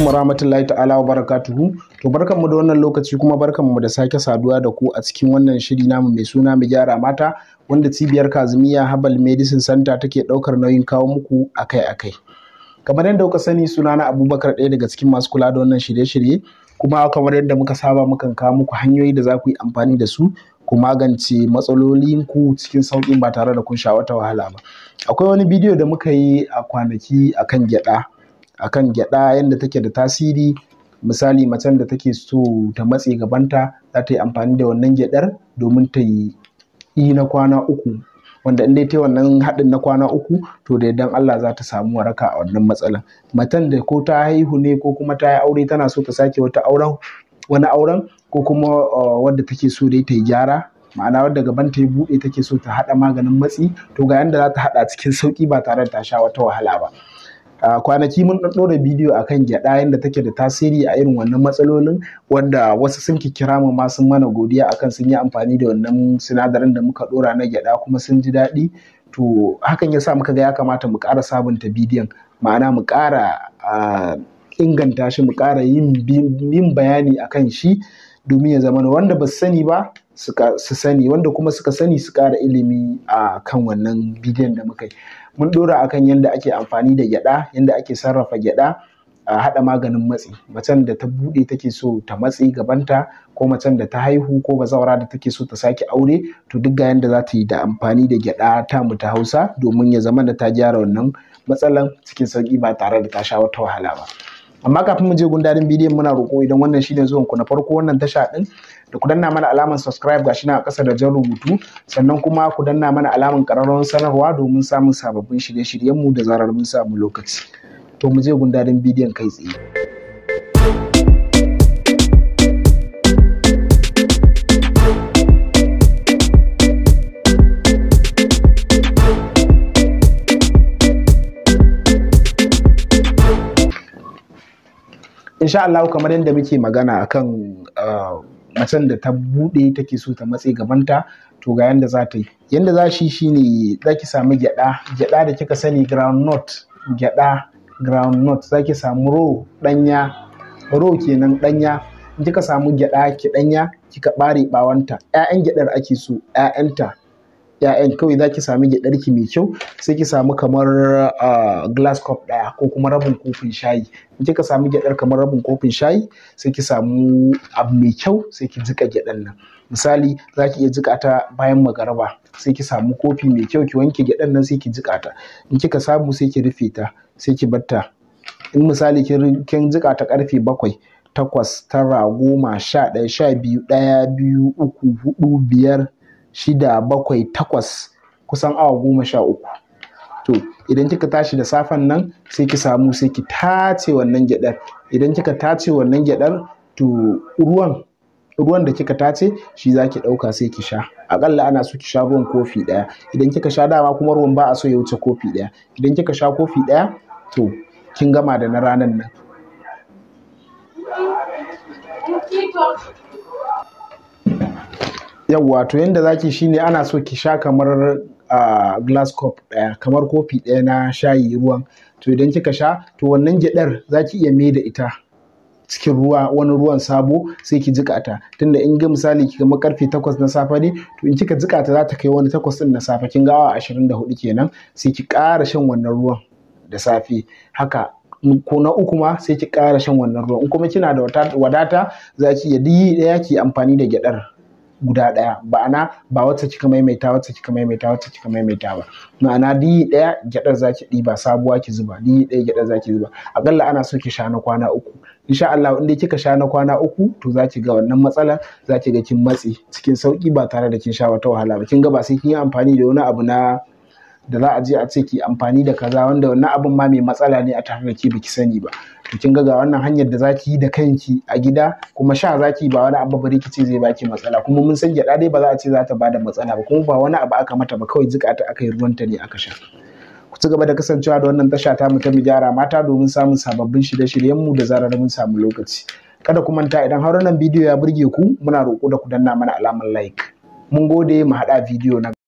alaikum rahmatullahi ta'ala wa barakatuhu to barkanmu da wannan lokaci kuma barkanmu da sake saduwa da ku a cikin wannan shiri namu mai suna mu gyara mata wanda cibiyar Kazumiya Habal Medicine Center take daukar nauyin kawo muku akai-akai kamar yadda kuka sani sunana Abubakar ɗaya daga cikin masu kula da wannan shirye-shirye kuma kamar yadda muka saba mukan kawo muku hanyoyi da za ku yi amfani da su ku magance matsalolin ku cikin sauƙin ba tare da kun sha wata wahala ba akwai wani bidiyo da muka yi a kwanaki akan gyaɗa akan gyada yadda take da tasiri misali macen da take so ta matse gabanta za ta yi amfani da wannan gyadar domin ta yi yi na kwana uku wanda in dai ta wannan haɗin na kwana uku to da yadda Allah za ta samu waraka a wannan matsalan matan da ko ta haihu ne ko kuma ta yi aure tana so ta sake wata auren wani auren ko kuma uh, wadda take so dai ta yi gyara ma'ana wadda gaban ta yi buɗe take so ta haɗa maganin matsi to ga yanda za ta haɗa cikin sauki ba tare da ta sha wata wahala ba a kwanaki mun ɗora bidiyo a kan gyaɗa yadda take da tasiri a irin wannan matsalolin wanda wasu sun kikira mu ma sun mana godiya akan sun yi amfani da wannan sinadarin da muka ɗora na gyaɗa kuma sun ji daɗi to hakan ya sa muka ga ya kamata mu ƙara sabunta bidiyon ma'ana mu ƙara inganta shi mu ƙara yin bayani a kan shi domin ya zama wanda ba su sani ba su sani wanda kuma suka sani su ƙara ilimi a kan wannan bidiyon da muka yi mun dora akan yadda ake amfani da gyada yadda ake sarrafa gyada a haɗa maganin matsi macen da ta buɗe take so ta matsi gabanta ko macen da ta haihu ko bazawara da take so ta sake aure to duk ga yadda za ta yi da amfani da gyaɗa ta mu ta hausa domin ya zama da ta gyara wannan matsalan cikin sauƙi ba tare da ta sha wata wahala ba amma kafin mu je gundarin bidiyon muna roƙo idan wannan shine zuwan ku na farko wannan tasha din da ku danna mana alamar subscribe gashi na ƙasa da jan rubutu sannan kuma ku danna mana alamar ƙararrawar sanarwa domin samun sababbin shirye-shiryen mu da zarar mun samu lokaci to mu je gundarin bidiyon kai tsaye insha Allah kamar yadda muke magana akan ah, macen da ta buɗe take so ta matse gabanta to ga yanda za ta yi yanda za shi shine zaki samu gyada gyada da kika sani ground nut gyada ground nut za samu ro danya ro kenan danya kika samu gyada ki danya kika bare bawanta ƴaƴan gyadar ake so ƴaƴanta 'ya'yan kawai za ki sami gyaɗarki mai kyau sai ki samu kamar glass cup ɗaya ko kuma rabin kofin shayi in kika samu gyaɗar kamar rabin kofin shayi sai ki samu abu mai kyau sai ki jika gyaɗar nan misali za ki iya jika ta bayan magaraba sai ki samu kofi mai kyau ki wanke gyaɗar nan sai ki jika ta in kika samu sai ki rufe ta sai ki bar ta in misali kin jika ta karfe bakwai takwas tara goma sha ɗaya sha biyu ɗaya biyu uku huɗu biyar shida bakwai takwas kusan awa goma sha uku to idan kika tashi da safen nan sai ki samu sai ki tace wannan gyadar idan kika tace wannan gyadar to ruwan ruwan da kika tace shi za ki ɗauka sai ki sha akalla ana so ki sha ruwan kofi ɗaya idan kika sha dama kuma ruwan ba a so ya wuce kofi ɗaya idan kika sha kofi ɗaya to kin gama da na ranan nan yawwa to yadda zaki shine ana so ki sha kamar uh, glass cup ɗaya kamar kofi ɗaya na shayi ruwan to idan kika sha to wannan gyaɗar zaki iya mai da ita cikin ruwa wani ruwan sabo sai ki jika tunda in ga misali ki ma karfe 8 na safe ne to in kika jika za ta kai wani 8 din na safe kin ga awa 24 kenan sai ki ƙara shan wannan ruwan da safe haka ko na uku ma sai ki ƙara shan wannan ruwan in kuma kina da wadata za ki iya duk yi ɗaya ki amfani da gyaɗar guda ɗaya ba'ana ba wacce kika maimaita wacce kika maimaita wacce kika maimaita ba ma'ana diyi ɗaya gyaɗar zaki ɗiba sabuwa ki zuba diyi ɗaya gyaɗar zaki zuba akalla ana so ki sha na kwana uku insha Allah in kika sha na kwana uku to zaki ga wannan matsala zaki ga kin matsi cikin sauki ba tare da kin sha wata wahala ba kin ga ba sai kin yi amfani da wani abu na da za a je a ce ki amfani da kaza wanda wannan abin ma mai matsala ne a tare da ki baki sani ba to kin ga wannan hanyar da zaki yi da kanki a gida kuma sha zaki ba wani abu bari kici zai baki matsala kuma mun san gyada dai ba za a ce za ta bada matsala ba kuma ba wani abu aka mata ba kawai ta aka yi ruwanta ne aka sha ku ci gaba da kasancewa da wannan tasha ta mu ta mu gyara mata domin samun sababbin shirye shiryen mu da zarar mun samu lokaci kada ku manta idan har wannan bidiyo ya burge ku muna roƙo da ku danna mana alamar like mun gode mu haɗa bidiyo na